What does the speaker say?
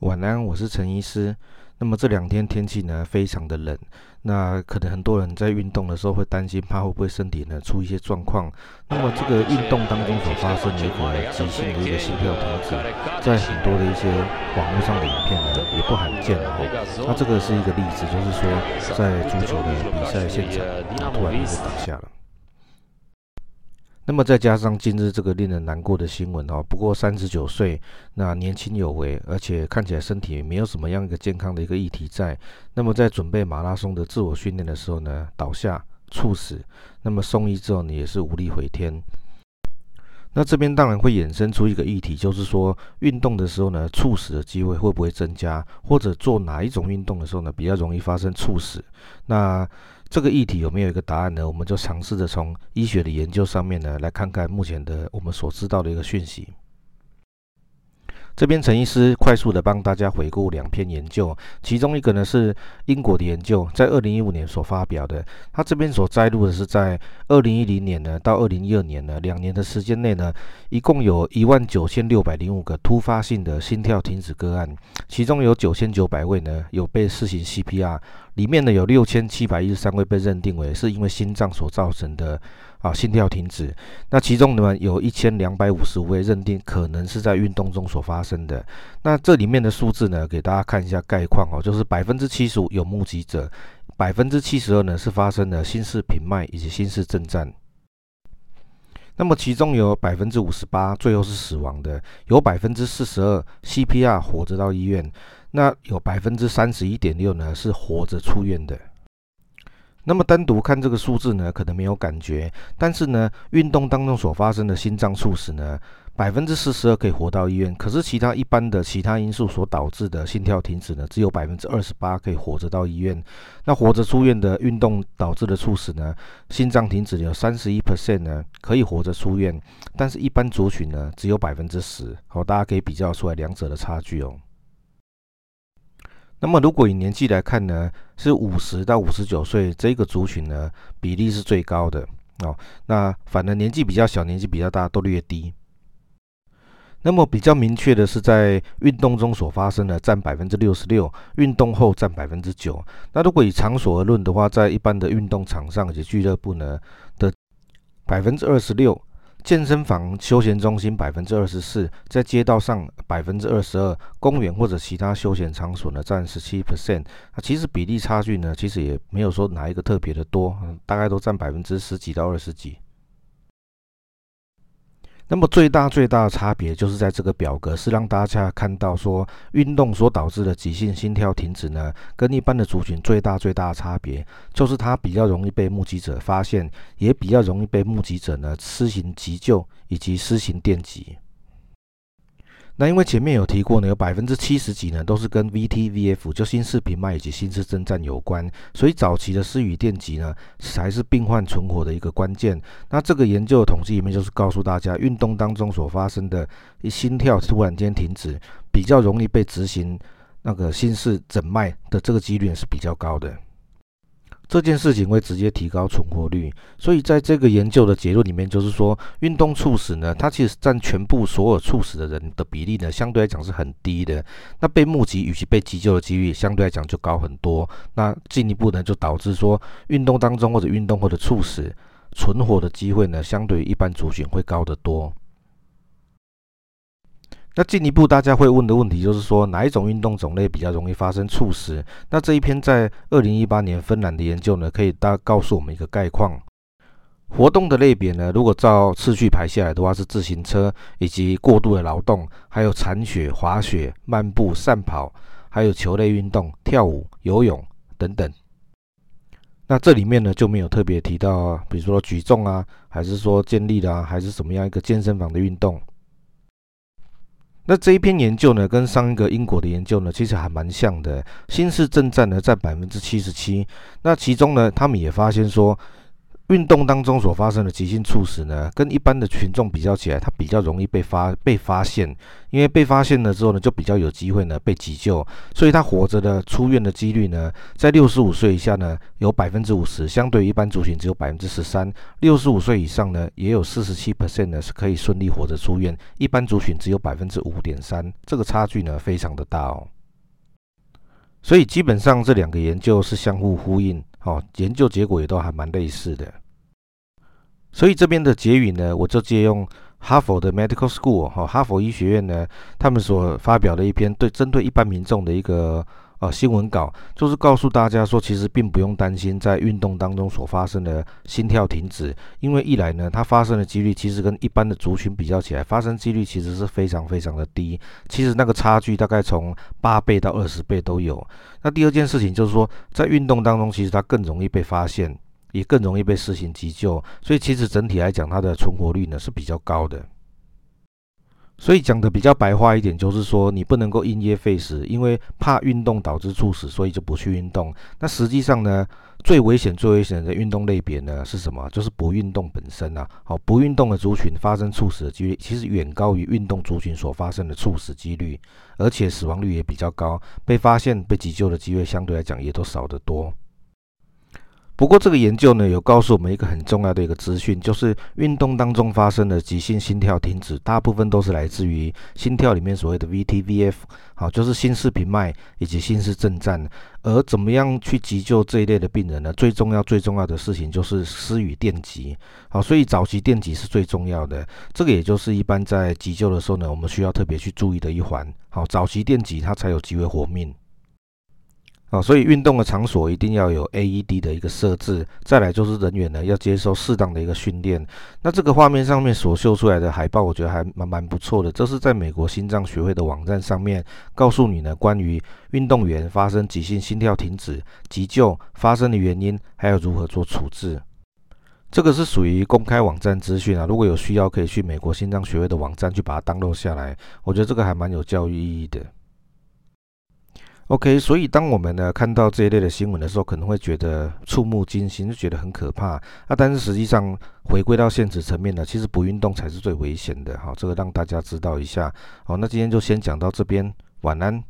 晚安，我是陳醫師。那麼這兩天天氣呢，非常的冷。那可能很多人在運動的時候會擔心，怕會不會身體呢，出一些狀況。那麼這個運動當中所發生的一個急性的一個心跳停止，在很多的一些網絡上的影片呢也不罕見哦。那這個是一個例子，就是說在足球的比賽現場，突然就倒下了。那麼再加上近日這個令人難過的新聞哦，不過三十九歲，那年輕有為，而且看起來身體也沒有什麼樣一個健康的一個議題在。那麼在準備馬拉松的自我訓練的時候呢，倒下猝死，那麼送醫之後呢也是無力回天。那這邊當然會衍生出一個議題，就是說運動的時候呢，猝死的機會會不會增加，或者做哪一種運動的時候呢，比較容易發生猝死？那這個議題有沒有一個答案呢？我們就嘗試着從醫學的研究上面呢，來看看目前的我們所知道的一個訊息。這邊陳醫師快速地幫大家回顧兩篇研究，其中一個呢是英國的研究，在二零一五年所發表的。它這邊所摘錄的是在二零一零年呢到二零一二年呢兩年的時間內呢，一共有一萬九千六百零五個突發性的心跳停止個案，其中有九千九百位呢有被施行 CPR。裡面呢有六千七百一十三位被認定為是因為心臟所造成的啊心跳停止，那其中呢有一千兩百五十五位認定可能是在運動中所發生的。那這裡面的數字呢，給大家看一下概況哦，就是百分之七十五有目擊者，百分之七十二呢是發生了心室頻脈以及心室震顫。那麼其中有百分之五十八最後是死亡的，有百分之四十二 CPR 活着到醫院。那有百分之三十一點六呢，是活着出院的。那麼單獨看這個數字呢，可能沒有感覺。但是呢，運動當中所發生的心臟猝死呢，百分之四十二可以活到醫院。可是其他一般的其他因素所導致的心跳停止呢，只有百分之二十八可以活着到醫院。那活着出院的運動導致的猝死呢，心臟停止有三十一 percent 呢，可以活着出院。但是，一般族群呢，只有百分之十。好，大家可以比較出來兩者的差距哦。那麼，如果以年紀來看呢，是五十到五十九歲這個族群呢，比例是最高的哦。那反而年紀比較小，年紀比較大都略低。那麼比較明確的是，在運動中所發生的占百分之六十六，運動後占百分之九。那如果以場所而論的話，在一般的運動場上以及俱樂部呢的百分之二十六，健身房、休閒中心百分之二十四，在街道上。百分之二十二，公園或者其他休閒場所呢，占十七 percent。那、啊、其實比例差距呢，其實也沒有說哪一個特別的多，嗯、大概都占百分之十幾到二十幾。那麼最大最大的差別就是在這個表格是讓大家看到說，運動所導致的急性心跳停止呢，跟一般的族群最大最大的差別，就是它比較容易被目擊者發現，也比較容易被目擊者呢施行急救以及施行電擊。那因為前面有提過呢，有百分之七十幾呢都是跟 VT VF 就心室頻脈以及心室震顫有關，所以早期的施予電擊呢才是病患存活的一個關鍵。那這個研究的統計裡面就是告訴大家，運動當中所發生的一心跳突然間停止，比較容易被執行那個心室診脈的這個幾率是比較高的。這件事情會直接提高存活率，所以在這個研究的結論裡面，就是說運動猝死呢，它其實佔全部所有猝死的人的比例呢，相對來講是很低的。那被目擊與其被急救的幾率，相對來講就高很多。那進一步呢，就導致說運動當中或者運動或者猝死存活的機會呢，相對於一般族群會高得多。那進一步大家會問的問題就是說，哪一種運動種類比較容易發生猝死？那這一篇在二零一八年芬蘭的研究呢，可以大告訴我們一個概況。活動的類別呢，如果照次序排下來的話，是自行車以及過度的勞動，還有鏟雪、滑雪、漫步、散跑，還有球類運動、跳舞、游泳等等。那這裡面呢就沒有特別提到，比如說舉重啊，還是說健力的啊，還是什麼樣一個健身房的運動。那這一篇研究呢，跟上一個英國的研究呢，其實還蠻像的。心室震顫呢佔百分之七十七，那其中呢，他們也發現說。運動當中所發生的急性猝死呢，跟一般的群眾比較起來，它比較容易被發被發現，因為被發現了之後呢，就比較有機會呢被急救，所以他活着的出院的幾率呢，在六十五歲以下呢，有百分之五十，相對於一般族群只有百分之十三；六十五歲以上呢，也有四十七 percent 呢是可以順利活着出院，一般族群只有百分之五點三，這個差距呢非常的大哦。所以基本上這兩個研究是相互呼應，哈，研究結果也都還蠻類似的。所以這邊的結語呢，我就借用哈佛的 Medical School 哈，哈佛醫學院呢，他們所發表的一篇對針對一般民眾的一個。啊、哦，新聞稿就是告訴大家說，其實並不用擔心在運動當中所發生的心跳停止，因為一來呢，它發生的幾率其實跟一般的族群比較起來，發生幾率其實是非常非常的低，其實那個差距大概從八倍到二十倍都有。那第二件事情就是說，在運動當中，其實它更容易被發現，也更容易被施行急救，所以其實整體來講，它的存活率呢是比較高的。所以講的比較白話一點，就是說你不能夠因噎廢食，因為怕運動導致猝死，所以就不去運動。那實際上呢，最危險、最危險的運動類別呢是什麼？就是不運動本身啊。好，不運動的族群發生猝死的幾率其實遠高於運動族群所發生的猝死幾率，而且死亡率也比較高，被發現、被急救的機會相對來講也都少得多。不過，這個研究呢，有告訴我們一個很重要的一個資訊，就是運動當中發生的急性心跳停止，大部分都是來自於心跳裡面所謂的 VT VF，好，就是心室頻脈以及心室震顫。而怎麼樣去急救這一類的病人呢？最重要最重要的事情就是施予電擊，好，所以早期電擊是最重要的。這個也就是一般在急救的時候呢，我們需要特別去注意的一環，好，早期電擊它才有機會活命。啊、哦，所以運動的場所一定要有 AED 的一個設置，再來就是人員呢要接受適當的一個訓練。那這個畫面上面所秀出來的海報，我覺得還蠻蠻不錯的。這是在美國心臟學會的網站上面告訴你呢，關於運動員發生急性心跳停止急救發生的原因，還有如何做處置。這個是屬於公開網站資訊啊，如果有需要可以去美國心臟學會的網站去把它 download 下來。我覺得這個還蠻有教育意義的。OK，所以當我們呢看到這一類的新聞的時候，可能會覺得觸目驚心，就覺得很可怕啊。但是實際上，回歸到現實層面呢，其實不運動才是最危險的。好，這個讓大家知道一下。好，那今天就先講到這邊，晚安。